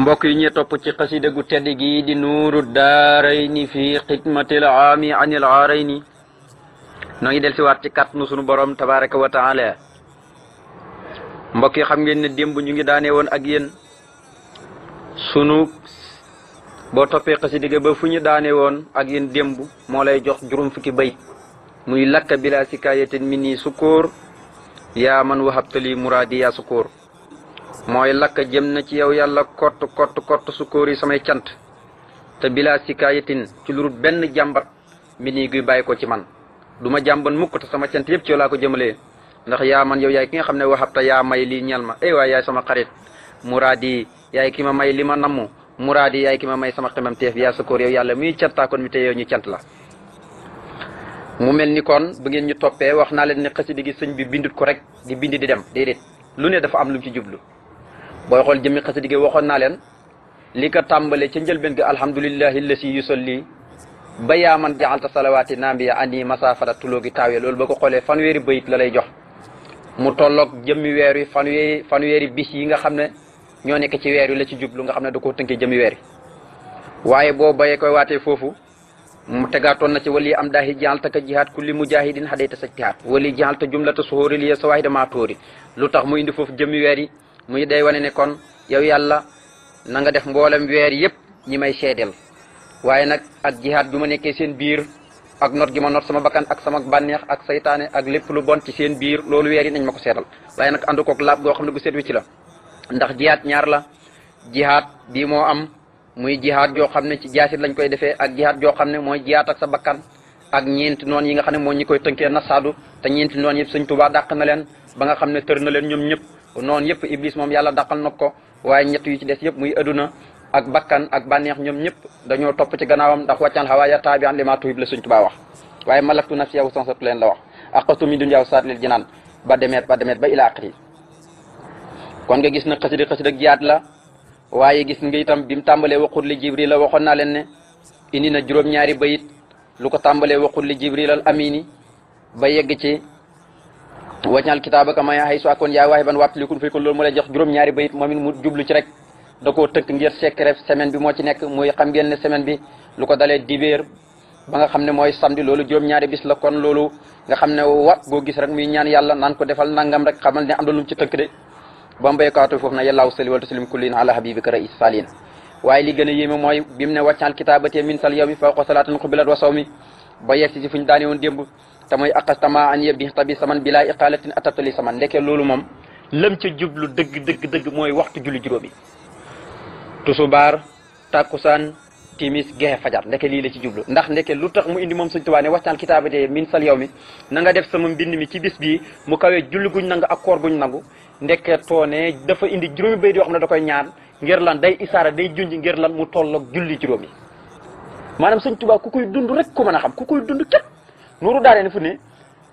mbokk yi ñu topp ci xasida gu tedd di nuuru daarayni fi xidmatil aami anil aarayni noo ngi del si waat ci kàttanu sunu borom tabaraka wa taala mbokk yi xam ngeen ne démb ñu ngi daane woon ak yéen sunu boo toppee xasida ga ba fu ñu daane woon ak yéen demb moo lay jox juróom fukki bayt muy lakka bila sikayatin min nii sukóor yaa man wahabtali muraadi yaa sukóor mooy lakk jëm na ci yow yàlla kot kott kott sukkoor yi samay cant te bilaa sikaayatin ci lu benn jàmbat mi nii guy bàyyi ko ci man du ma jàmban mukk te sama cant yëpp ci yow laa ko jëmalee ndax yaa man yow yaay ki nga xam ne waxabta yaa may lii ñal ma ey eh waay sama xarit muraadi yaay ki ma may li ma namm muraadi yaay ki ma may sama xemam teef yaa sukkoor yàlla muy cantaakoon mi te yow ñu cant la mu mel ni kon bu ngeen ñu toppee wax naa leen ne xasida gi sëñ bi bindut ko rek di bindi di dem déedéet lu ne dafa am lu ci jublu booy xool jëmmi xasida gi waxoon naa leen li ko tàmbale ca njëlbeen ga alhamdulillahi lasi yusalli ba yaa man jaxalta salawaati naambiya ani masafara tuloo gi taawee loolu ba ko xoolee fanweeri bayit la lay jox mu tolloog jëmmi weer yi fanweeri fanweeri bis yi nga xam ne ñoo nekk ci weer la ci jublu nga xam ne da koo tënkee jëmmi weer yi waaye boo baye koy waate foofu mu tegaatoon na ci wali am daahi jaxalta ka jihaat kulli mujahidin hadayta sa jihaat wali jaxalta jumlata suhóori liya sa waahida maa tóori lu tax mu indi foofu yi muy day wane ne kon yow yàlla na nga def mboolem weer yépp ñi may seedeel waaye nag ak jihaad bi ma nekkee seen biir ak not gi ma not sama bakan ak sama bànneex ak seytaane ak lépp lu bon ci seen biir loolu weer yi nañ ma ko seedal waaye nag ànd koog laab goo xam ne gu seet ci la ndax jihaad ñaar la jihaad bii moo am muy jihaad joo xam ne ci jaasit lañ koy defee ak jihaad joo xam ne mooy jihaad ak sa bakkan ak ñeenti noon yi nga xam ne moo ñi koy tënkee nasaadu te ñeenti noon yëpp sëñ Tuubaa na leen ba nga xam ne tër na leen ñoom ñëpp noonu yëpp iblis moom yàlla daqal na ko waaye ñett yu ci des yëpp muy adduna ak bakkan ak bànneex ñoom ñëpp dañoo topp ci gannaawam dax wàccan xawaaya taabi an lima tuhib la suñ tubaa wax waaye malaktu na yow sansatu leen la wax aqastu min du saat lil jinaan ba demeet ba demeet ba ila aqri kon nga gis na xasida xasida jiyaat la waaye gis nga itam bi mu tàmbalee waqul li jibril la waxoon naa leen indi na juróom-ñaari bayit lu ko tàmbalee waqul li jibril al amini ba yegg ci waññal kitaaba kama yaa haysu akoon yaa waahiban wàttalikun fi ko loolu mu lay juróom-ñaari bayit moom it mu ci rek da tënk ngir secret semaine bi moo ci nekk muy xam ngeen ne semaine bi lu dalee dibéer ba nga xam ne mooy samedi loolu juróom-ñaari bis la kon loolu nga xam ne wat boo gis rek muy ñaan yalla nan ko defal nangam rek xamal ne am na lu mu ci tënk de ba mbaykaatu foofu na yàllaaw sali wa taslim kullin ala habibika salin waaye li gën a yéeme mooy bi mu kitaaba te min te mooy aqastama an yebbi tabi saman bilaa iqaalatin atatali saman ndeke loolu moom lam ca jublu dëgg dëgg dëgg mooy waxtu julli juróomi tusubaar tàkkusaan timis gexe fajar ndeke lii la ci jublu ndax ndeke lu tax mu indi moom Sëñ Tuubaa ne waxtaan kitaabate min sal yow mi na nga def sama mbind mi ci bis bii mu kawee julli guñ nanga ak koor guñ nangu ndeke toone dafa indi juróomi bayit yoo xam ne da koy ñaan ngir lan day isaara day junj ngir lan mu tolloog julli juróomi maanaam Sëñ Tuubaa ku koy dund rek mën xam ku koy dund nuuru daare ni fu ni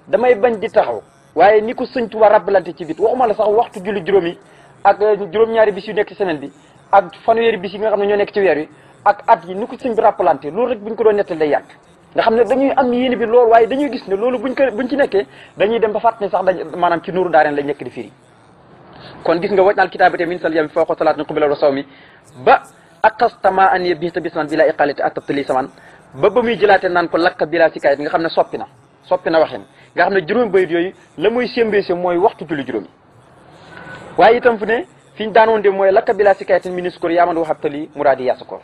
damay bañ di taxaw waaye ni ko sëñ Tuubaa rabbalante ci bit waxuma la sax waxtu julli juróomi ak euh, juróom-ñaari bis yu nekk ci semaine bi ak fanweeri bis yi nga xam ne ñoo nekk ci weer wi ak at yi ni ko sëñ bi rappalante loolu rek buñ ko doon nettal day yàgg nga xam ne dañuy am yéene bi loolu waaye dañuy gis ne loolu buñ ko buñ ci nekkee dañuy dem ba fàtt ne sax dañ maanaam ci nuuru daareen lañ nekk di firi kon gis nga waj naal kitaaba te min sal yam foo ko salaat ni xubilal wa saw mi ba ak xas tama an bi ta bisaman bi laa ba ba muy jëlaate naan ko lakka bilaa si kayit nga xam ne soppi na soppi na waxin nga xam ne juróom bayit yooyu la muy sémbéese mooy waxtu julli juróomi waaye itam fu ne fi ñu daanoon de mooy lakka bilaa si kayitin ministre yaaman waxab tali muraadi yaasukoor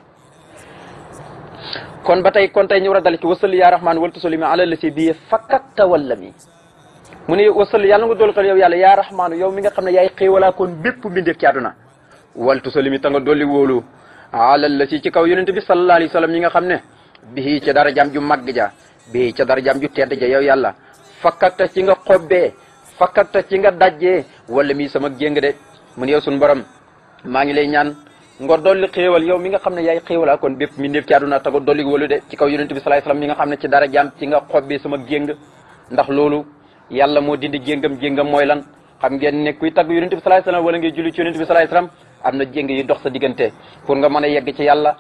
kon ba tey kon tey ñu war a dal ci wasalli yaa rahmaan wal tasalimi ala lasi bii fakkatta walla mi mu ne wasalli yàlla nga dool xel yow yàlla yaa rahmaanu yow mi nga xam ne yaay xéewalaa kon bépp mbindeef ci àdduna wal tasalimi ta nga dolli wóolu ala lasi ci kaw yonente bi sallallahu alayhi wa sallam nga xam ne bii ca darajaam ju màgg ja bii ca darajaam ju tedd ja yow yàlla ta ci nga xobbee fakkata ci nga daje wala mii sama jéng de mun yow suñu borom maa ngi lay ñaan nga dolli xéewal yaw mi nga xam ne yaay xéewalaa kon bépp mi néef ci àdduna tago dolli walu de ci kaw yonent bi salaay salaam mi nga xam ne ci darajaam ci nga xobbee sama jéng ndax loolu yàlla moo dindi jëngam jéngam mooy lan xam ngeen ne kuy tagg yonent bi salaay salaam wala ngay julli ci yonent bi am na jéng yi dox sa diggante pour nga a yegg ci yàlla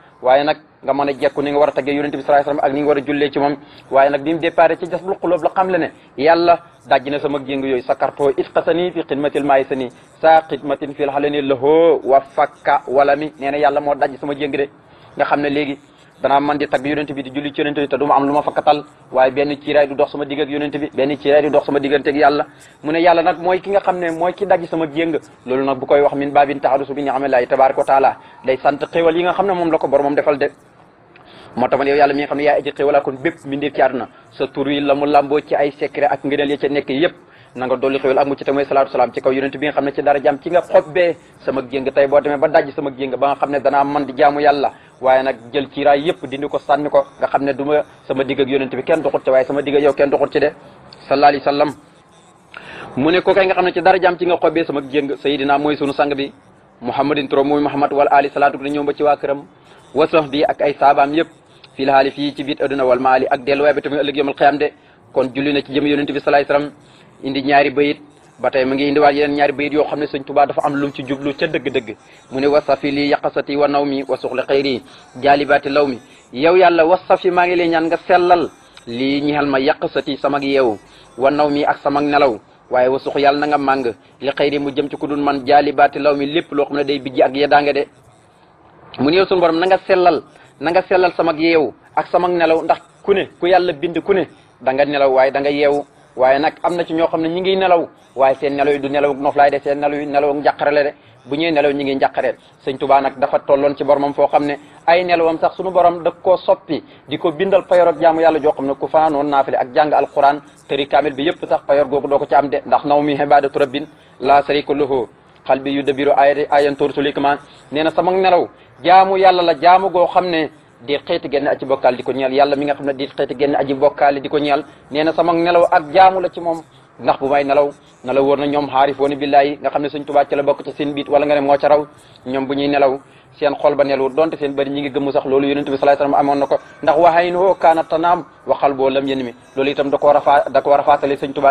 nga mën a jekku ni nga war a taggee yonente bi sallallahu alayhi wasallam ak ni nga war a jullee ci moom waaye nag bi mu départ ci jasbul la xam le ne yàlla dajji na sama jéng yooyu sa kartoo sa xidmatin fil xalani lahoo wa fakka wala mi nee na yàlla moo dajj sama jéng de nga xam ne léegi danaa man di tagg yonente bi di julli ci yonente bi te nag mooy ki nga xam ne mooy ki daj sama jéng loolu nag bu koy wax min babin taharusu bi ni'amillahi tabaraka wa taala day sant xéwal yi nga xam ne moom la ko boromam defal de moo tax man yow yàlla mi nga xam ne yaa aji xéewalaa kon bépp mbindeef ci àdduna sa tur yi la mu làmboo ci ay secret ak ngëneel ya ca nekk yépp na nga dolli xéwal ak mucc te mooy salaatu salaam ci kaw yonent ne ci dara jàmm ci nga xobbee sama jéng tey boo demee ba dajj ci ko sànni ko nga xam ne du ma sama digg ak yonent kenn doxut sama digg ak yow kenn doxut ci de sallallahu alayhi wasallam mu ne ko kay nga xam ne ci dara jam ci nga xobbee sama jéng sayidina mooy sunu sang bi muhammadin turo mooy muhammad wal ali salaatu ne ñëw ba ci waa këram wasox bi ak ay saabaam yépp fil haali fii ci biit adduna wal maali ak delluwaay bi tamit ëllëg yomal xiyaam de kon julli ci jëm yonent bi salaay salaam indi ñaari bayit ba tey ma ngi indiwaat yeneen ñaari bayit yoo xam ne sëñ Tuubaa dafa am lum ci jublu ca dëgg-dëgg mu ne wasafi li yaqasati wa naw mi wa suxli xayri jaalibaati law mi yow yàlla wasafi maa ngi lay ñaan nga sellal li ñixel ma yaqasati samag yeew wa naw mi ak samag nelaw waaye wasux yàlla nanga nga màng li xëyri mu jëm ci ku dul man jaalibaati law mi lépp loo xam ne day bijji ak yeddaange de mu ne yow suñu borom nga sellal na nga sellal samag yeewu ak samag nelaw ndax ku ku yàlla bind ku ne da nga nelaw waaye da nga yeewu waaye nag am na ci ñoo xam ne ñi ngi nelaw waaye seen nelaw yi du nelaw noflaay de seen nelaw yi nelaw njàqare la de bu ñuy nelaw ñingi ngi njàqareel sëñ Tuubaa nag dafa tolloon ci boromam foo xam ne ay nelawam sax sunu borom da koo soppi di ko bindal payor ak jaamu yàlla joo xam ne ku fanaanoon naafile ak jàng alquran tëri kaamil bi yëpp sax payor googu doo ko am de ndax naw mi ibadatu rabbin la sarika lahu xal bi yu dabiru ayan tortulikman nee na sama nelaw jaamu yàlla la jaamu goo xam ne di xeeti génn aji bokkaal di ko ñeel yàlla mi nga xam ne di xeeti génn aji bokkaal di ko ñeel nee na sama nelaw ak jaamu la ci moom ndax bu may nelaw nelaw wóor na ñoom xaarif woon billaahi nga xam ne suñ tubaa ci la bokk ci seen wala nga ne moo ca raw ñoom bu ñuy nelaw seen xol ba nelwul donte seen bëri ñi ngi sax loolu yonent bi sallallahu alayhi wasallam ko ndax waxayn woo kaana tanaam waxal boo lam loolu itam da ko war a faa da ko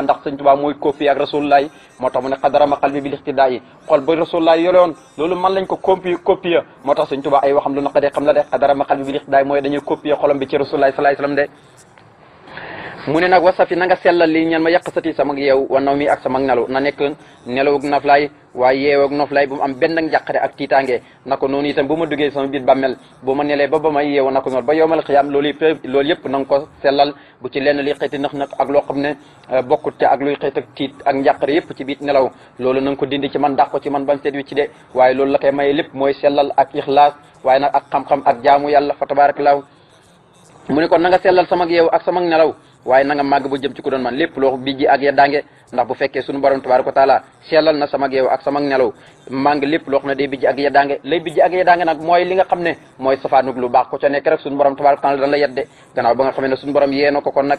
ndax sëñ tubaa mooy koppi ak moo tax mu ne xadarama xal ko compi copie moo tax xal bi bi lixtidaa mooy dañuy copier xolam bi ci rasulullah sallallahu alayhi mu ne nag wasafi na nga sellal li ñen ma yàq sati sama yeew wa naw mi ak sama nelaw na nekk nelawug naflaay waaye yeewoog noflaay bu am benn njàqare ak tiitaange na ko noonu bu ma duggee sama biir bàmmel bu ma nelee ba ba ma yeewu na ko noonu ba yowmal xiyaam loolu yëpp loolu yëpp na nga ko sellal bu ci lenn liy xeeti nax nag ak loo xam ne euh, bokkut te ak luy xeet ak tiit ak njàqare yëpp ci biir nelaw loolu na ko dindi ci man dàq ko ci man ban seet wi ci de waaye loolu la koy maye lépp mooy sellal ak ixlaas waaye nag ak xam-xam ak jaamu yàlla fa tabaarakallahu mu ne kon na nga waaye na nga màgg ba jëm ci ku doon man lépp loo bi ji ak ya daange ndax bu fekkee sunu borom tabaraka taala sellal na sama yeew ak sama nelaw màng lépp loo xam ne day bijji ak ya daange lay bijji ak ya mooy li nga xam ne mooy safaanug lu baax ko ca nekk rek sunu borom tabaraka taala dan la yedde gannaaw ba nga xam ko kon nag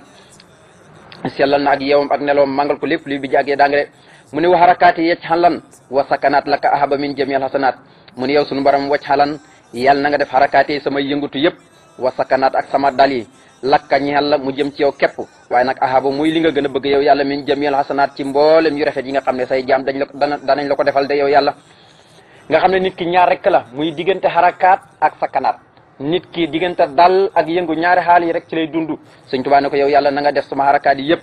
na ak yeewam ak nelawam màngal ko lépp luy bijji ak ya daange rek mu ne wa harakaati yecc xalan wa sakanaat laka ahaba min jamil hasanaat mu ne yow sunu baram wacc xalan yàlla na nga def harakaati samay yëngutu yëpp wa sakanaat ak sama dal yi lakka ñeel la mu jëm ci yow képp waaye nag ahaba muy li nga gën a bëgg yow yàlla min jamil xasanaat ci mboolem yu rafet yi nga xam ne say jaam dañ la danañ la ko defal de yow yàlla nga xam ne nit ki ñaar la muy diggante harakaat ak sakanaat nit ki diggante dal ak yëngu ñaari xaal yi rek ci lay dund Sëñ Tuubaa ko yow yàlla na nga def sama harakaat yi yëpp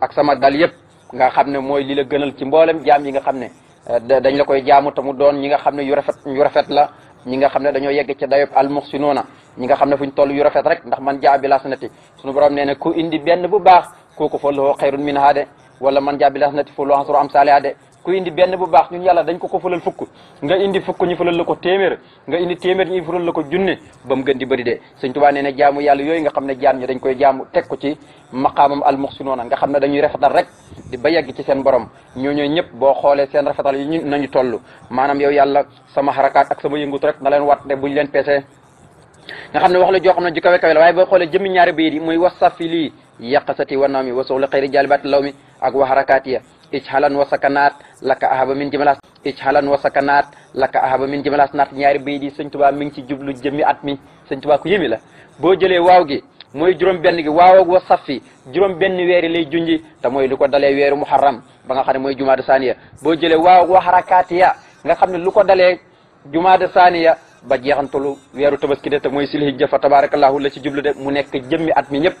ak sama dal yëpp nga xam ne mooy li la gënal ci mboolem jaam yi nga xam ne eh, dañ la koy jaamu te mu doon ñi nga xam ne yu rafet yu rafet la ñi nga xam ne dañoo yegg ci dayob al muxsinuuna ñi nga xam ne fu ñu toll yu rafet rek ndax man jaa bi lasanati suñu borom nee na ku indi benn bu baax kooku fa loo xayrun min haa de wala man jaa bi lasanati fa loo ansuru am saaliha de ku indi benn bu baax ñun yàlla dañ ko ko fulal fukk nga indi fukk ñu fulal la ko téeméer nga indi téeméer ñu fulal la ko junne ba mu gën di bëri de Sëñ Tuubaa nee na jaamu yàlla yooyu nga xam ne jaam ñi dañ koy jaamu teg ko ci maqaamam al muxsinoona nga xam ne dañuy rafetal rek di ba yegg ci seen borom ñooñu ñëpp boo xoolee seen rafetal yi ñu nañu toll maanaam yow yàlla sama xarakaat ak sama yëngut rek na leen wat ne buñ leen peese nga xam ne wax la joo xam ne ju la waaye boo xoolee jëmmi ñaari bayit yi muy wasafi lii yaqasati wa nawmi wa soxla xëyri jaalibaat law mi ak wa harakaatiya ijhalan wa sakanaat laka ahaba ahaba min jimalaas naat ñaari bayit yi sëñ tubaa mi ngi ci jublu jëmmi at mi sëñ tubaa ku yëmi la boo jëlee waaw gi mooy juróom benn gi waaw ak wa safi juróom benn weeri lay junji te mooy lu ko dalee weeru muharram ba nga xam mooy jumaada saaniya boo jëlee waaw ak wa harakaatiya nga xam ne lu ko ba jeexantalu weeru tabaski de te mooy silhi jëfa tabarakallahu la ci jublu de mu nekk jëmmi at mi ñëpp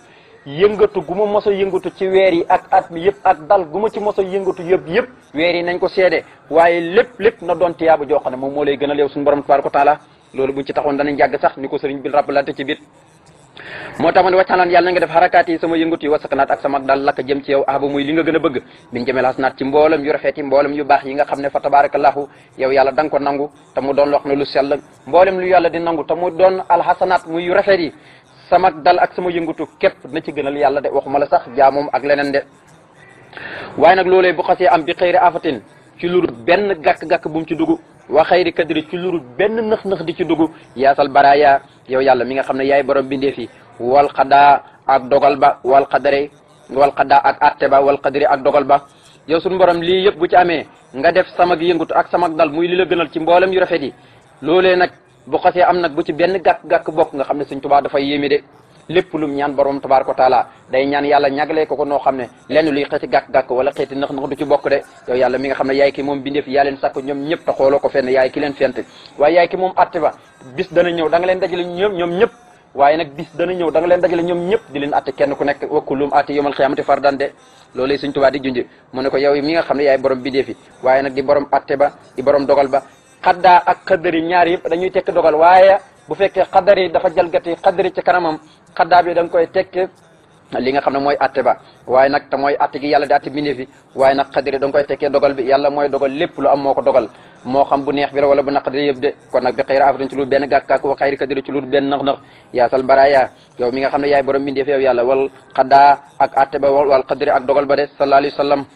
yëngatu gu ma mos a yëngatu ci weer yi ak at mi yëpp ak dal gu ma ci mos a yëngatu yëpp yëpp weer yi nañ ko seede waaye lépp lépp na doon tiyaaba joo xam ne moom moo lay a yow suñu borom tabaraka taala loolu buñ ci taxoon danañ yàgg sax ni ko sëriñ bi rappalaate ci biir moo tax ma ne waccalaan yàlla na nga def xarakaat yi sama yëngut yi wasakanaat ak sama dal lakk jëm ci yow ahba muy li gën a bëgg min jëmel xasanaat ci mboolem yu rafet yi mboolem yu baax yi nga xam ne fa tabarakallahu yow yàlla da nga ko nangu te mu doon wax ne lu sell yàlla di nangu te mu doon alxasanaat muy yu rafet sama dal ak sama yëngutu képp na ci a yàlla de waxuma la sax jaamoom ak leneen de waaye nag loolee bu xasee am bi xëyri afatin ci lurut benn gàkk-gàkk bu mu ci dugg wa xëyri kadri ci lurut benn nëx-nëx di ci dugg yaasal baraaya yow yàlla mi nga xam ne yaay borom bindeef yi wal xadaa ak dogal ba wal xadare wal xadaa ak atte ba wal xadari ak dogal ba yow suñu borom lii yëpp bu ci amee nga def samag yëngutu ak samag dal muy li la gënal ci mboolem yu rafet yi loolee nag bu xasee am nag bu ci benn gàkk-gàkk bokk nga xam ne suñ tubaa dafay yéeme de lépp ñaan borom tabaaraka wa taala day ñaan yàlla ñagalee ko ko noo xam ne lenn luy xeeti gàkk-gàkk wala xeeti nax nax du ci bokk de yow yàlla nga xam ne yaay ki moom bindeef yaa leen da nga leen dajale ñoom ñoom di leen atte ba di borom dogal ba xaddaa ak xadari ñaar yëpp dañuy tekk dogal waaye bu fekkee xadari dafa jalgati xadari ci xaddaa bi da nga koy tekk li nga xam ne mooy atte ba waaye nag te mooy atte gi yàlla di atte bindee fi waaye nag xadiri da nga koy dogal bi yàlla mooy dogal lépp lu am moo ko dogal moo xam bu neex bi la wala bu naqari yëpp de kon nag bi xayra afatin ci lu benn gàkkaaku wa xayri kadiri ci lu benn nax-nax yaa sal baraya yow mi nga xam ne yaay borom bindee fi yow yàlla wal xaddaa ak atte ba wal xadiri ak dogal ba de sallallahu alayhi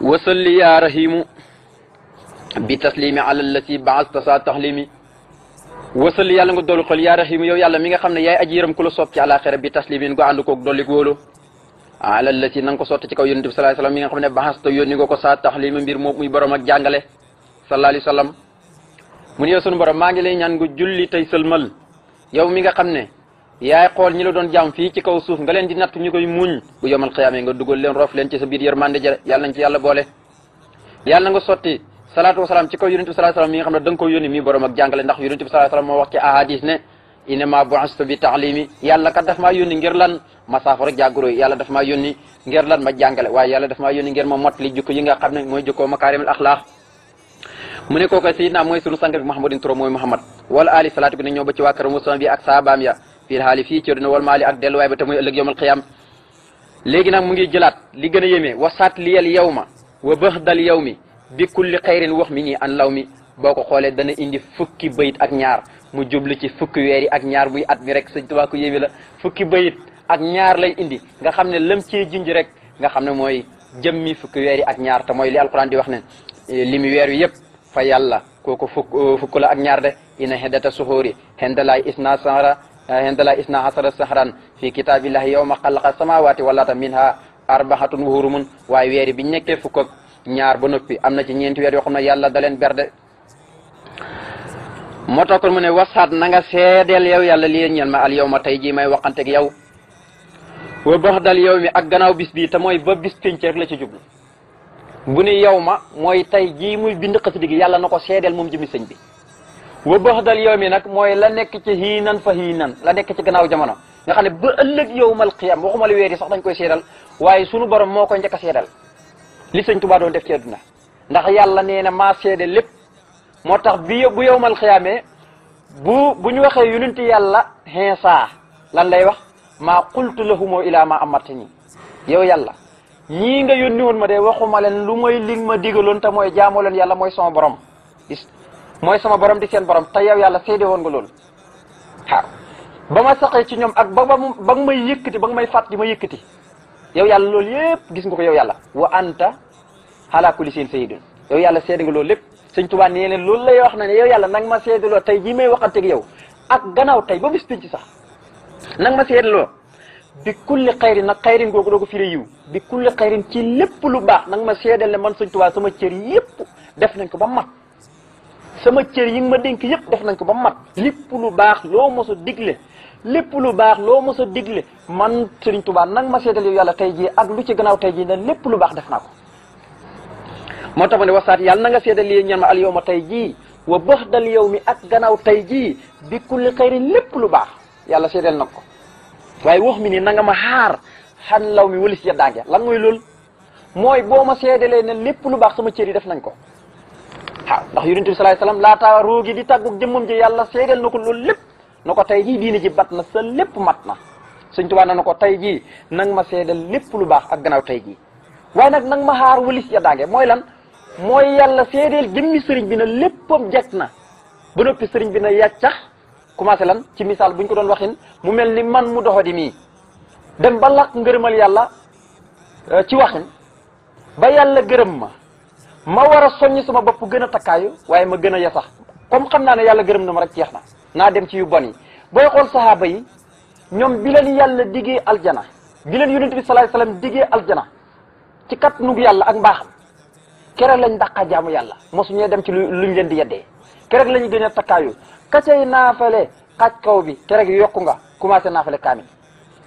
wasalli ya rahimu bi taslimi ala wasal yàlla nga dolli xol yaa raxiim yow yàlla mi nga xam ne yaay aji yërëm ku la soob ci àlaaxira bi taslimin gu ànd koog dolli wóolu ala lati na nga ko sotti ci kaw yonent bi sallallahu alayhi mi nga xam ne muy borom ak jàngale sallallahu alayhi mu ne yow maa ngi lay ñaan nga julli tey sëlmal yow mi nga xam ne yaay xool ñi la doon jaam fii ci kaw suuf nga leen di natt ñu koy muñ bu yomal xiyaamee nga dugal leen roof leen ci sa biir yërmande ja yàlla nañ yàlla boole salaatu wasalaam ci kaw yonent bi sallallahu alayhi wasallam mi nga xam ne da nga ko yónni mi borom ak jàngale ndax yonent bi sallallahu wax ci ahadis ne innama bu'istu bi ta'limi yàlla kat daf maa yónni ngir lan ma saafara jàggoro yi yàlla daf maa yónni ngir lan ma jàngale waaye yàlla daf maa yónni ngir ma mottali jukko yi nga xam ne mooy jukkoo makaarimul axlaaq mu ne mooy sunu sang bi Muhammadin turo mooy Muhammad wala ali salaatu bi ne ñëw ba ci waa kër Musaa bi ak saabaam ya fii xaali fii ci dina wal maali ak delluwaay ba te muy ëllëg yawmal qiyaam léegi nag mu ngi jëlaat li gën a bi kulli xayrin wax mi nii an law mi boo ko xoolee dana indi fukki bayit ak ñaar mu jublu ci fukki weer yi ak ñaar buy at mi rek sëñ Tuubaa la fukki bayit ak ñaar lay indi nga xam ne lam cee junj rek nga xam ne mooy jëmmi fukki weer yi ak ñaar te mooy li alquran di wax ne eh, li mu weer wi yëpp fa yàlla kooku fukk eh, fukk la ak ñaar de ina xendata suxóori xendalaay isna sahra xendalaay eh, isna hasara sahran fi kitaabillahi yawma xalaqa samawaati walaata minha arbahatun wuhurumun waaye weer bi ñu nekkee fukk ak ñaar ba noppi am na ci ñeenti weer yoo xam ne yàlla da leen berde moo tax ne wasaat nanga nga seedeel yow yàlla li ñeel ma al yow ma tey jii may waxanteeg yow wa bax dal yow mi ak gannaaw bis bii te mooy ba bis pénc rek la ci jublu bu ni yow ma mooy tey jii muy bind xasida gi yàlla na ko seedeel moom jëmi sëñ bi wa bax dal yow mi nag mooy la nekk ci hiinan fa hiinan la nekk ci gannaaw jamono nga xam ne ba ëllëg yowmal qiyam waxuma la weer sax dañ koy seedal waaye sunu borom moo koy njëkk a li sëñ Tuubaa doon def ci àdduna ndax yàlla nee na maa seede lépp moo tax bi bu yowmal xiyaamee bu bu ñu waxee ti yàlla xinsa lan lay wax maa qultu lahumoo ilaa maa amartani yow yàlla ñii nga yónni woon ma de waxuma leen lu mooy li ma digaloon te mooy jaamoo leen yàlla mooy sama borom mooy sama borom di seen borom te yow yàlla seede woon nga loolu waaw ba ma saxee ci ñoom ak ba ba ba may yëkkati ba nga may fàtt di ma yëkkati yow yàlla loolu yëpp gis nga ko yow yàlla wa anta ala kulli shay'in sayyidun yow yàlla seede nga loolu lépp sëñ Tuubaa nee ne loolu lay wax na ne yow yàlla nanga ma seedaloo tey jii may teg yow ak gannaaw tey ba bis ci sax nanga ma seedaloo bi kulli xayrin nag xayrin googu doo ko firee yiw bi kulli xayrin ci lépp lu baax nanga ma seedal ne man sëñ Tuubaa sama cër yëpp def nañ ko ba mat sama cër yi nga ma dénk yëpp def nañ ko ba mat lépp lu baax loo mos digle lépp lu baax loo mos a digle man Serigne Touba nag ma seetal yow yàlla tey jii ak lu ci gannaaw tey jii ne lépp lu baax def naa ko moo tax ma ne wasaat yàlla nanga nga seetal yi ñan ma al yow tey jii wa bëx dal yow mi ak gannaaw tey jii bi kulli xayrin lépp lu baax yàlla seetal na ko waaye wax mi ni na nga ma xaar xan law mi walis yeddaange lan mooy loolu mooy boo ma seedalee ne lépp lu baax sama cër def nañ ko waaw ndax yonent bi salaay salaam laataa roogi di tàggug jëmmam yàlla seedal na ko loolu lépp na ko tey jii diini ji bat na sa lépp mat na sëñ Tuubaa na ko tey jii nang ma seedal lépp lu baax ak gannaaw tey jii waaye nag nang ma xaar walis ya daange mooy lan mooy yàlla seedeel jëmmi sëriñ bi na léppam jekk na ba noppi sëriñ bi na yàccax commencé lan ci misaal buñ ko doon waxin mu mel ni man mu di mii dem ba làq ngërëmal yàlla euh, ci waxin ba yàlla gërëm ma ma war a soññ sama bopp gën a takkaayu waaye ma gën a yasax comme xam naa ne yàlla gërëm na ma rek jeex na naa dem ci yu bon yi booy xool sahaaba yi ñoom bi leen yàlla diggee aljana bi leen yonent bi salaay salaam diggee aljana ci kat nug yàlla ak mbaaxam keroog lañ dàqa jaamu yàlla mosu ñee dem ci luñ leen di yeddee keroog lañu gën a takkaayu kacay naafale xaaj kaw bi keroog yokku nga commencé naafale kaamil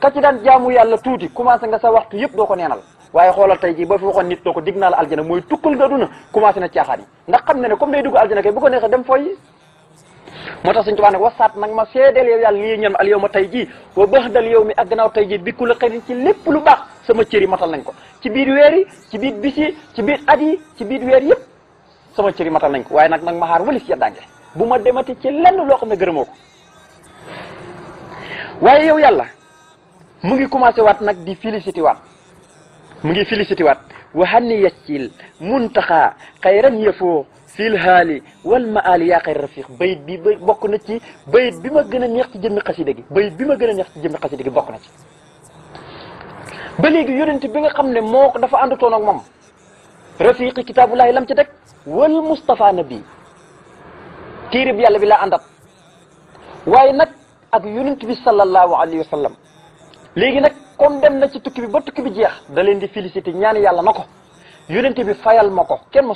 ka ci daan jaamu yàlla tuuti commencé nga sa waxtu yëpp doo ko neenal waaye xoolal tey jii boo fi waxoon nit doo ko dig naa la aljana mooy tukkal nga duna commencé na caaxaan yi ndax xam ne ko neexee dem fooy moo tax suñ tubaab ne wasaat nag ma seedeel yow yàlla lii ñen al yow ma tey jii wa bëx dal yow mi ak gannaaw tey jii bikku la xëy ci lépp lu baax sama cër yi matal nañ ko ci biir weer yi ci biir bis yi ci biir at ci biir weer yëpp sama cër yi matal nañ ko waaye nag nag ma xaar walis yeddaange bu ma demati ci lenn loo xam ne gërëmoo ko waaye yow yàlla mu ngi commencé waat nag di félicité waat mu ngi félicité waat waxan ni yeccil taxa xayran yëfoo fil haali wal maali yaa xayra rafiq bayit bi bay bokk na ci bayit bi ma gëna a neex ci jëmmi xasida gi bayit bi ma gën a neex ci jëmmi xasida gi bokk na ci ba léegi yonent bi nga xam ne moo ko dafa ànd toon ak moom rafiqi lam ci teg wal Mustafa nabi bi yàlla bi la àndat waaye nag ak yonent bi sallallahu alayhi wa sallam léegi nag comme dem na ci tukki bi ba tukki bi jeex da leen di félicité ñaan yàlla na ko yonent bi fayal ma ko kenn ma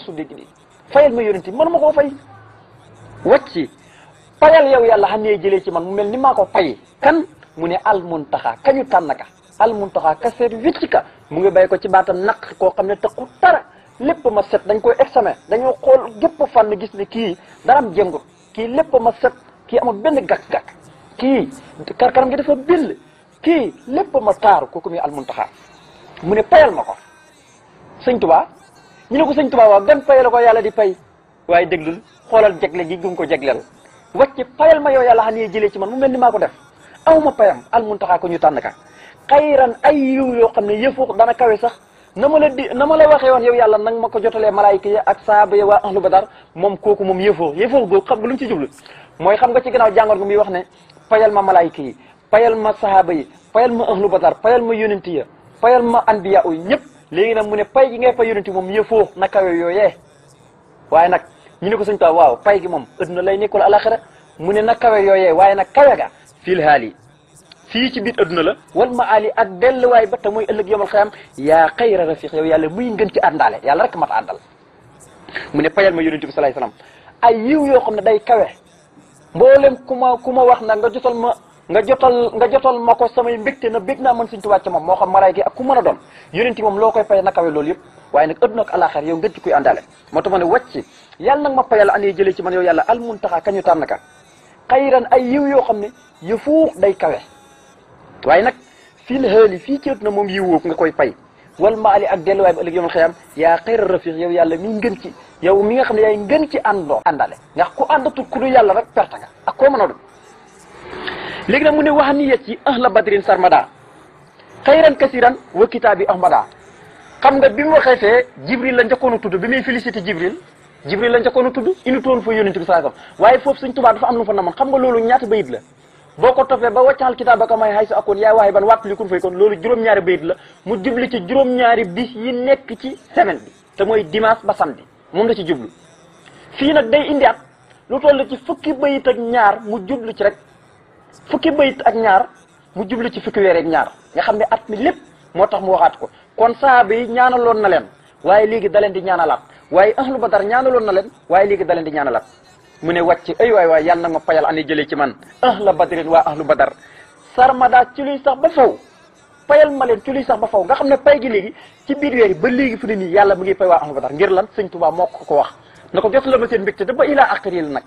fayal ma yonent bi mënuma koo fay wàcci payal yaw yàlla xam ne jëlee ci man mu mel ni maa ko fay kan mu ne al muntaxaa kañu tànn ka al muntaxaa ka seet wicc ka mu ngi bay ko ci baatam naq koo xam ne taqu tara lépp ma set dañ koy examen dañoo xool gépp fànn gis ne kii daram am kii lépp ma set kii am benn gàkk-gàkk kii karkaram gi dafa bill kii lépp ma taaru kooku muy al muntaxaa mu ne payal ma ko sëñ Tuubaa ñu ne ko sëñ Tuubaa gan pay la ko yàlla di pay waaye déglul xoolal jegle gi gum ko jegleel wàcc payal ma yow yàlla xam ne jëlee ci man mel ni maa ko def awma payam al muntaxaa ko ñu tànn ka xayran ay yiw yoo xam ne yëfu dana kawe sax na la di na ma waxee woon yow yàlla nag ma ko jotalee malaayika yi ak saaba ya waa ahlu badar moom kooku moom yëfoo yëfoo boobu xam nga lu ci jublu mooy xam nga ci gannaaw jàngoor gu muy wax ne payal ma malaayika yi payal ma sahaaba yi payal ma ahlu badar payal ma yonent ya payal ma anbiya yi ñëpp léegi nag mu ne pay gi ngay fay yonent moom yëfoo na kawe yooyee waaye nag ñu ne ko sëñ Tuubaa waaw pay gi moom adduna lay nekkul alaxira mu ne na kawe yooyee waaye nag kawe ga fil haali fii ci biir adduna la wal ma ali ak delluwaay ba te mooy ëllëg yomal xiyam yaa xayra rafiq yow yàlla muy ngën ci àndaale yàlla rek ma àndal mu ne payal ma yonent bi salaay salaam ay yiw yoo xam ne day kawe mboolem ku ma wax nag nga nga jotal nga jotal ma ko samay mbégte na bég naa mën suñ tubaab ca moom moo xam maraay gi ak ku mën a doon yonent moom loo koy fay na kawe loolu yëpp waaye nag adduna ak ma ne wàcc nag ma payal andee jëlee ci man yow yàlla al ka xayran ay yiw yoo xam ne yu fuux day kawe waaye nag fii la xëli fii ci na moom yiw nga koy pay wal maali ak delluwaay ba ëllëg yomal xëyam yaa xayra rafiq yow yàlla mi ngën ci yow mi nga xam ne yaay ngën ci àndoo àndaale ndax ku àndatul ku yàlla a doon léegi nag mu ne wax niyet ci ahla badrin sarmada xayran kasiran wa kitaabi ahmada xam nga bi mu waxee fee jibril la njëkkoon a tudd bi muy félicité jibril jibril la njëkkoon a tudd inu toon fa yónent bi sallallahu alayhi wasallam waaye foofu suñ tubaa dafa am lu fa namoon xam nga loolu ñaata bayit la boo ko toppee ba waccaxal kitaab ba ko may xay sa akoon yaay waaye ban wàttali kun fay kon loolu juróom-ñaari bayit la mu jubli ci juróom-ñaari bis yi nekk ci semaine te mooy dimanche ba samedi moom la ci jublu fii nag day indiaat lu toll ci fukki bayit ak ñaar mu jublu ci rek fukki ba bayit ak ñaar mu jublu ci fukki weer ak ñaar nga xam ne at mi lépp moo tax mu waxaat ko kon saaba yi loon na leen waaye léegi da leen di ñaanalaat waaye ahlu badar ñaanaloon na leen waaye léegi da leen di ñaanalaat mu ne wàcc ay waay waay yàlla na ma payal ani jëlee ci man ahla badrin waa ahlu badar sarmada ci luy sax ba faw payal ma leen ci luy sax ba faw nga xam ne pay gi léegi ci biir weer yi ba léegi fu ne nii yàlla mu ngi pay waa ahlu badar ngir lan sëñ Tuubaa moo ko ko wax na ko jot la ma seen mbégte da ba ilaa axiril nag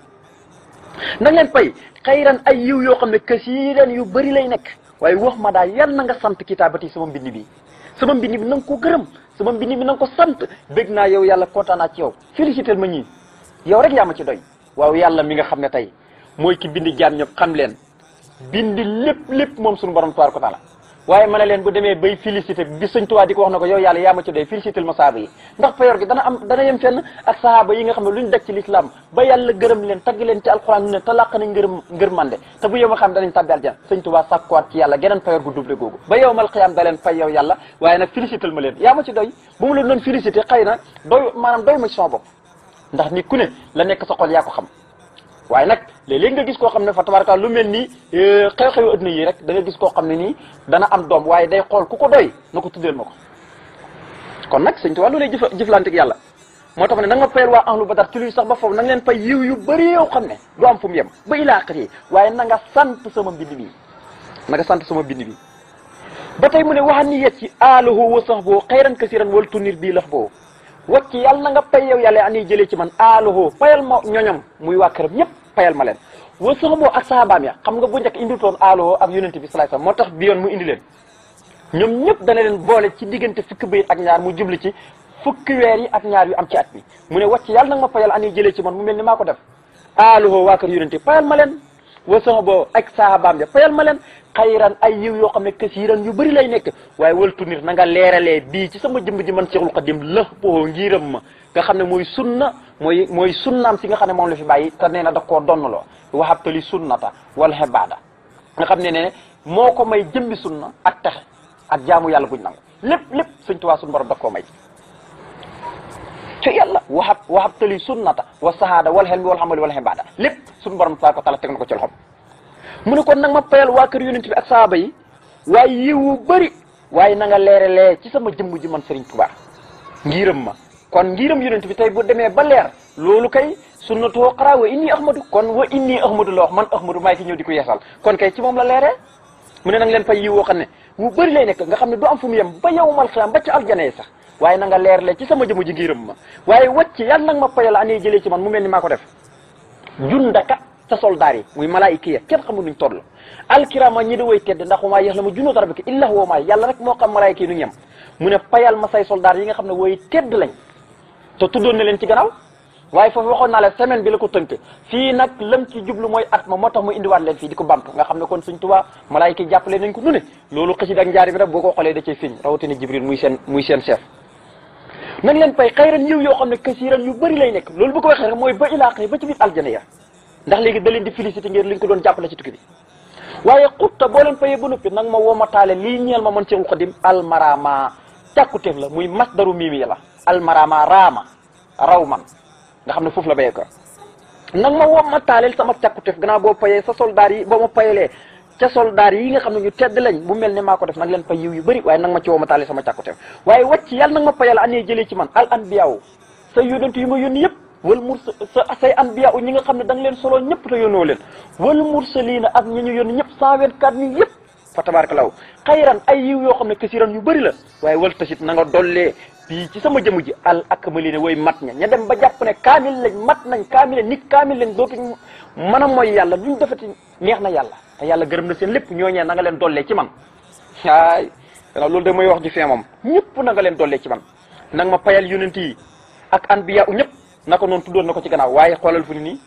na leen fay xayran ay yiw yoo xam ne kasiiran yu bëri lay nekk waaye wax ma daal yal na nga sant kitaabati sama mbind bi sama mbind bi na nga ko gërëm sama mbind bi na nga ko sant bég naa yow yàlla kontaan naa ci yow félicité ma ñii yow rek yaa ma ci doy waaw yàlla mi nga xam ne tey mooy ki bind jaan ñëpp xam leen bind lépp lépp moom suñu borom ko taala waaye mën a leen bu demee bay félicité bi sëñ Tuubaa di ko wax na ko yow yàlla yaa ma ci doy félicité ma saaba yi ndax payor gi dana am dana yem fenn ak sahaaba yi nga xam ne lu ñu daj ci lislaam ba yàlla gërëm leen tagg leen ci alxuraan lu ne te làq nañ ngërëm ngër mande te bu yowma xam danañ tàbbi aljana sëñ Tuubaa sàkkuwaat ci yàlla geneen payor gu double googu ba yowmal xiyaam da leen fay yow yàlla waaye nag félicité ma leen yaa ma ci doy bu mu leen doon félicité na doy maanaam ku ne nekk sa xol yaa ko xam waaye nag léeg-léeg nga gis koo xam ne fa tabaraka lu mel nii euh, xew-xew adduna yi rek da nga gis koo xam ne nii dana am doom waaye day xool ku ko doy na ko tuddeel ma ko kon nag sëñ Tuubaa loolu lay jëf jëflanteeg yàlla moo tax ne na nga fayal waa ahlu badar ci luy sax ba foofu na nga leen fay yiw yu bëri yoo xam ne du am yem ba ilaaxir waaye na nga sant sama mbind bi na sant sama mbind bi ba tey mu ne wax ni yet ci aalahu wa sax boo xayran kasiran wal tunir bii lax boo wacc yàlla na nga yàlla ani jëlee ci man aalahu fayal ma ñoñam muy waa këram fayal ma leen wa saxaboo ak saxaabaam ya xam nga bu njëkk indi toon aaloo ak yonent bi salaay salaam moo tax bi yoon mu indi leen ñoom ñëpp dana leen boole ci diggante fukki bayit ak ñaar mu jubli ci fukki weer ak ñaar yu am ci at bi mu ne wàcc yàlla nag ma fayal an yu ci man mu mel ni maa def aaloo waa kër yonent fayal ma leen wa saxaboo ak saxaabaam ya fayal ma leen xayiran ay yiw yoo xam ne kasiiran yu bari lay nekk waaye wal tunir na nga leeralee bii ci sama jëmb ji man Seexul Xadim lëx boo ngiram ma nga xam ne mooy sunna mooy mooy sunnaam si nga xam ne moom la fi bàyyi te nee na da koo donnaloo waxabtali sunnata wala xebaada nga xam ne ne moo ko may jëmbi sunna ak taxe ak jaamu yàlla guñ nangu lépp lépp suñ suñu borom da koo may ci yàlla waxab waxabtali sunnata wa sahaada wal xel mi wal xamali wala xebaada lépp suñu borom tabaaraka wa taala teg na ko ci loxom mu ne kon nag ma payal waa kër yonent bi ak saaba yi waaye yiwu bëri waaye na nga leeralee ci sama jëmm ji man Serigne Touba ngiram ma kon ngiram yonent bi tey bu demee ba leer loolu kay sunnatoo xaraa wa inni ahmadu kon wa inni ahmadu la wax man ahmadu maay ki ñëw di ko yeesal kon kay ci moom la leeree mu ne nanga leen fay yiw woo xam ne wu bëri lay nekk nga xam ne du am fu mu yem ba yow mal xiyaam ba ca aljana yi sax waaye leer le ci sama jëmm ji ngiram ma waaye wàcc yàlla nag ma payal anee jëlee ci man mu mel ni maa ko def jundaka te soldaar yi muy malaayika ya kenn xamul nuñ toll alkirama ñi di way tedd ndax wamaa yax la ma junnoo rabbika illa huwa maa yàlla rek moo xam malaayika yi nu ñem mu ne payal ma say soldaar yi nga xam ne way tedd lañ te tuddoon na leen ci gannaaw waaye foofu waxoon naa la semaine bi la ko tënk fii nag lam ci jublu mooy at ma moo tax mu indiwaat leen fii di ko bamp nga xam ne kon suñ tubaa malaayika yi jàppale nañ ko nu loolu xësid ak njaari bi rek boo ko xoolee da cay fiñ rawatina jibril muy seen muy seen chef nañ leen pay xayran yoo xam yu bëri lay nekk loolu rek mooy ba ilaa xëy ndax léegi da leen di félicité ngir liñ ko doon jàppale ci tukki bi waaye xutta boo leen payee ba noppi nag ma woo ma taale lii ñeel ma man Seexul Xadim almarama càkkuteef la muy daru mimi la almarama raama raw man nga xam ne foofu la béyee ko nag ma woo ma taaleel sama càkkuteef gannaaw boo payee sa soldaar yi boo ma payalee ca soldaar yi nga xam ne ñu tedd lañ bu mel ne maa ko def nag leen pay yiw bëri waaye nag ma ci woo ma taaleel sama càkkuteef waaye wàcc yàlla nag ma payal jëlee ci man al anbiyaaw sa yónent yu ma yónni yëpp wal mursa sa ñi nga xam ne da leen solo ñëpp te leen wal mursalina ak ñi ñu yónni ñëpp cent vingt quatre mille yëpp fa tabarakallahu xayran ay yiw yoo xam ne kasiran yu bëri la waaye wal tasit nanga nga dollee bii ci sama jëmu ji ak akmalina way mat ña ña dem ba jàpp ne kaamil lañ mat nañ kaamil ni kaamil lañ dootuñ mën a mooy yàlla duñ ti neex na yàlla te yàlla gërëm na seen lépp ñooñee na nga leen dollee ci man aay gannaaw loolu de mooy wax ji fee moom ñëpp na nga leen dollee ci man nanga ma payal yonent yi ak anbiya u ñëpp naka noonu tuddoon na ko ci gannaaw waaye xoolal fu ni nii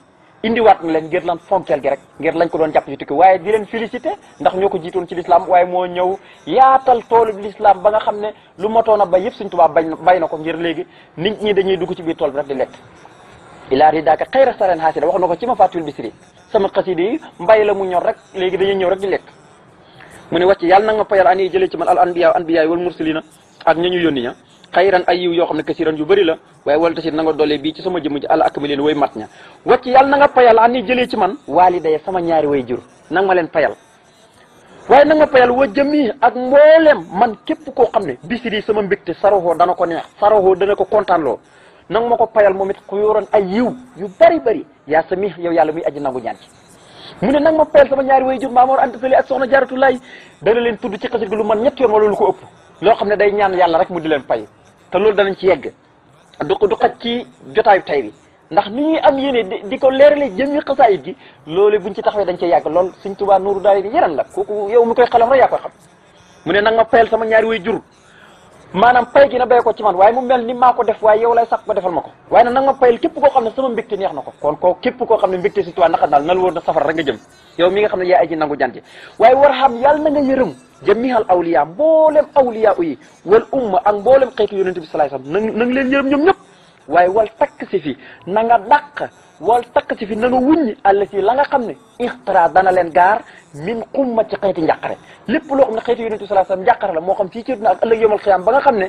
indiwaat na leen ngir lan fonkeel gi rek ngir lañ ko doon jàpp ci tukki waaye di leen félicité ndax ñoo ko jiitoon ci lislaam waaye moo ñëw yaatal toolu bi lislaam ba nga xam ne lu motoon a bay yëpp suñ tubaab bay bay na ko ngir léegi nit ñi dañuy dugg ci biir tool bi rek di lekk ilaa ridaaka xayra saren haasida wax na ko ci ma fatul bisri sama xasida yi mbay la mu ñor rek léegi dañuy ñëw rek di lekk mu ne wàcc na nga payal an yi jëlee ci man al anbiya anbiya wal mursalina ak ña ñu yónni ña xayran ay yiw yoo xam ne kasiran yu bari la waaye wala tasit na nga doole bii ci sama jëmm ji àlla akmali leen way mat ña wàcc yàlla na payal an ni jëlee ci man waalidaya sama ñaari way jur nanga ma leen payal waaye nanga ma payal wa jëmi ak mboolem man képp koo xam ne bisiri sama mbégte saroxoo dana ko neex saroxoo dana ko kontaanloo nanga ma ko payal moom it xuyóoran ay yiw yu bëri bëri yaa sami yow yàlla muy aji nangu ñaan ci mu ne nanga ma payal sama ñaari way jur maamoor anta sali soxna jaaratu laay dana leen tudd ci xasit gi lu man ñett yoon wala lu ko ëpp loo xam ne day ñaan yàlla rek mu di leen pay te loolu danañ ci yegg du du xaj ci jotaayu tay bi ndax ni ñuy am yéene di di ko leerale jëmmi xasaayit gi loolu buñ ci taxawee dañ ci yàgg lool Sëñ Tuubaa nuuru daal di yaram la kooku yow mi koy xalam rek yaa koy xam mu ne nag ma payal sama jur maanaam pay gi na béy ko ci man waaye mu mel ni maa ko def waaye yow ko waaye koo xam ne sama mbégte neex na ko kon koo képp koo xam ne mbégte Sëñ Tuubaa naqar daal na na safara rek jëm yow mi nga xam ne yaa aji nangu jant waaye war xam yàlla na yërëm jamihal awliya mboolem awliya yi wal umma ak mboolem xeetu yonente bi salaay salaam na nga leen yërëm ñoom ñëpp waaye wal takk si fi na nga dàq wal takk si fi na nga wuññi àll si la nga xam ne ixtara dana leen gaar min xumma ci xeeti njàqare lépp loo xam ne xeetu yonente bi salaay salaam njàqare la moo xam fii ci duna ak ëllëg yomal xiyaam ne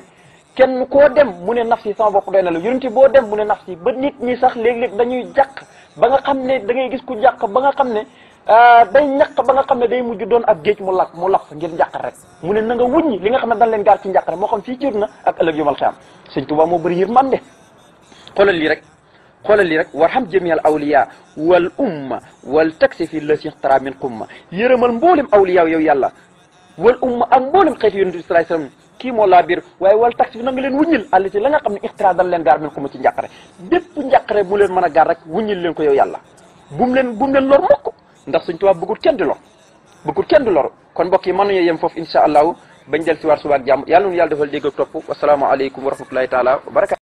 kenn koo dem mu ne nafsi sama bopp doy na la yonente boo dem mu ne nafsi ba nit ñi sax léeg-léeg dañuy jàq ba nga xam ne da ngay gis ku jàq ba nga xam ne Euh, day ñaq ba nga xam ne day mujj doon ab géej mu lakk mu lakk ngir njàqar rek mu ne na nga wuññi li nga xam ne dañ leen gaar ci njàqare moo xam fii ciir na ak ëllëg lii rek xoolal lii rek warham jami al awliya wal umma wal taksi fi la sixtara min qumma yërëmal mboolem awliya yow yàlla wal umma ak mboolem xeeti yonent bi sallallahu alayhi wasallam kii moo laa biir waaye wal tax na nga leen wuññil àll la nga xam ne ixtira dañ leen gaar min ko ci njàqare bépp njàqare bu leen mën a gaar rek wuññil leen ko yow yàlla bu leen lor mukk ndax suñ tubaab bëggul kenn du lor bëggul kenn du lor kon mbokk yi mën nañu yem foofu incha allahu bañ del si waar subaak jàmm yàlla nu yàlla defal dégg ak topp wasalaamaaleykum wa rahmatullahi taala wa